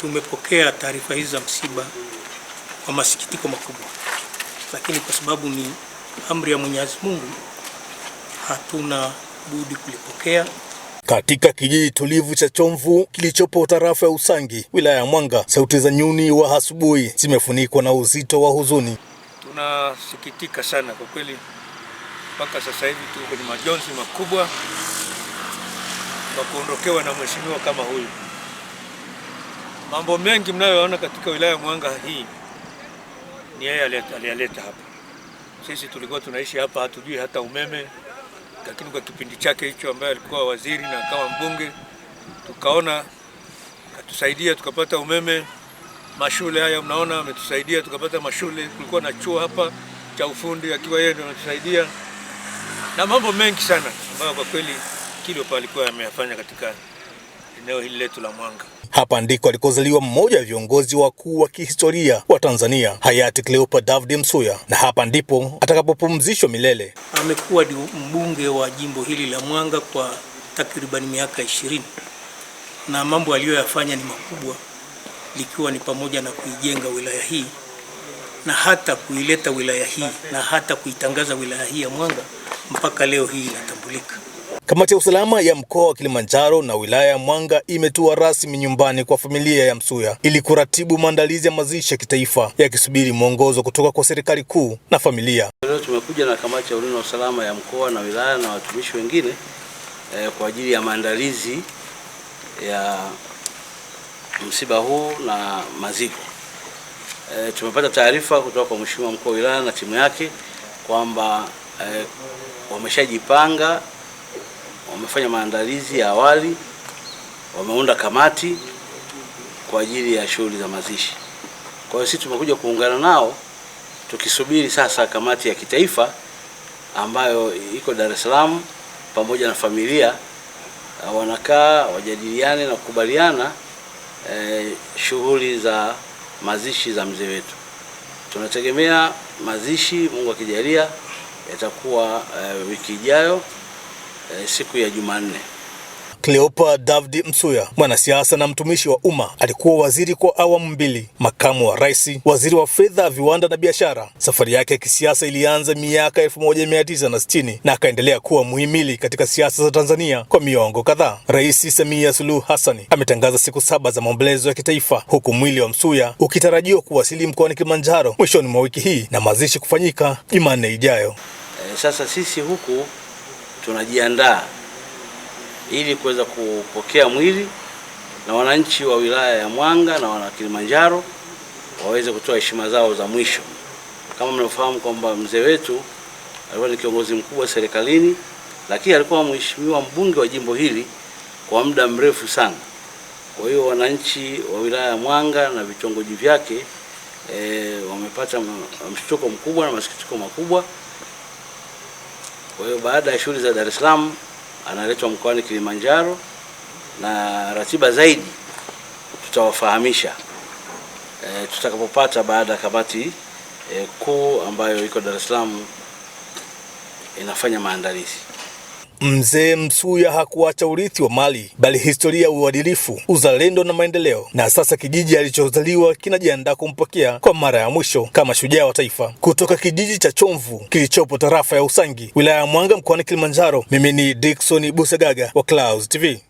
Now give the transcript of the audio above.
Tumepokea taarifa hizi za msiba kwa masikitiko makubwa, lakini kwa sababu ni amri ya Mwenyezi Mungu hatuna budi kulipokea. Katika kijiji tulivu cha Chomvu kilichopo tarafa ya Usangi wilaya ya Mwanga, sauti za nyuni wa asubuhi zimefunikwa na uzito wa huzuni. Tunasikitika sana kwa kweli, mpaka sasa hivi tuko kwenye majonzi makubwa kwa kuondokewa na mheshimiwa kama huyu. Mambo mengi mnayoona katika wilaya ya Mwanga hii ni yeye aliyaleta hapa. Sisi tulikuwa tunaishi hapa, hatujui hata umeme, lakini kwa kipindi chake hicho ambaye alikuwa waziri na kama mbunge, tukaona katusaidia, tukapata umeme. Mashule haya mnaona ametusaidia, tukapata mashule. Kulikuwa na chuo hapa cha ufundi, akiwa yeye ndio anatusaidia na mambo mengi sana ambayo kwa kweli Kilwa alikuwa ameyafanya katika eneo hili letu la Mwanga. Hapa ndiko alikozaliwa mmoja wa viongozi wakuu wa kihistoria wa Tanzania, hayati Cleopa David Msuya, na hapa ndipo atakapopumzishwa milele. Amekuwa ni mbunge wa jimbo hili la Mwanga kwa takriban miaka ishirini na mambo aliyoyafanya ni makubwa, likiwa ni pamoja na kuijenga wilaya hii na hata kuileta wilaya hii na hata kuitangaza wilaya hii ya Mwanga mpaka leo hii inatambulika. Kamati ya usalama ya mkoa wa Kilimanjaro na wilaya ya Mwanga imetua rasmi nyumbani kwa familia ya Msuya ili kuratibu maandalizi ya mazishi ya kitaifa yakisubiri mwongozo kutoka kwa serikali kuu na familia. Leo tumekuja na kamati ya ulinzi na usalama ya mkoa na wilaya na watumishi wengine eh, kwa ajili ya maandalizi ya msiba huu na maziko. Eh, tumepata taarifa kutoka kwa mheshimiwa mkuu wa wilaya na timu yake kwamba eh, wameshajipanga wamefanya maandalizi ya awali, wameunda kamati kwa ajili ya shughuli za mazishi. Kwa hiyo sisi tumekuja kuungana nao tukisubiri sasa kamati ya kitaifa ambayo iko Dar es Salaam pamoja na familia eh, wanakaa wajadiliane na kukubaliana eh, shughuli za mazishi za mzee wetu. Tunategemea mazishi, Mungu akijalia, yatakuwa eh, wiki ijayo eh, siku ya Jumanne. Cleopa David Msuya, mwanasiasa na mtumishi wa umma, alikuwa waziri kwa awamu mbili, makamu wa rais, waziri wa fedha, viwanda na biashara. Safari yake ya kisiasa ilianza miaka 1960 na akaendelea kuwa muhimili katika siasa za Tanzania kwa miongo kadhaa. Rais Samia Suluhu Hassan ametangaza siku saba za maombolezo ya kitaifa, huku mwili wa Msuya ukitarajiwa kuwasili mkoani Kilimanjaro mwishoni mwa wiki hii na mazishi kufanyika Jumanne ijayo. E, sasa sisi huku tunajiandaa ili kuweza kupokea mwili na wananchi wa wilaya ya Mwanga na wana Kilimanjaro waweze kutoa heshima zao za mwisho. Kama mnavyofahamu kwamba mzee wetu alikuwa ni kiongozi mkubwa serikalini, lakini alikuwa mheshimiwa mbunge wa jimbo hili kwa muda mrefu sana. Kwa hiyo wananchi wa wilaya ya Mwanga na vitongoji vyake e, wamepata mshtuko mkubwa na masikitiko makubwa. Kwa hiyo baada ya shughuli za Dar es Salaam analetwa mkoani Kilimanjaro, na ratiba zaidi tutawafahamisha e, tutakapopata baada ya kamati e, kuu ambayo iko Dar es Salaam inafanya maandalizi. Mzee Msuya hakuacha urithi wa mali, bali historia ya uadilifu, uzalendo na maendeleo, na sasa kijiji alichozaliwa kinajiandaa kumpokea kwa mara ya mwisho kama shujaa wa taifa. Kutoka kijiji cha Chomvu kilichopo tarafa ya Usangi, wilaya ya Mwanga, mkoani Kilimanjaro, mimi ni Dickson Busegaga wa Clouds TV.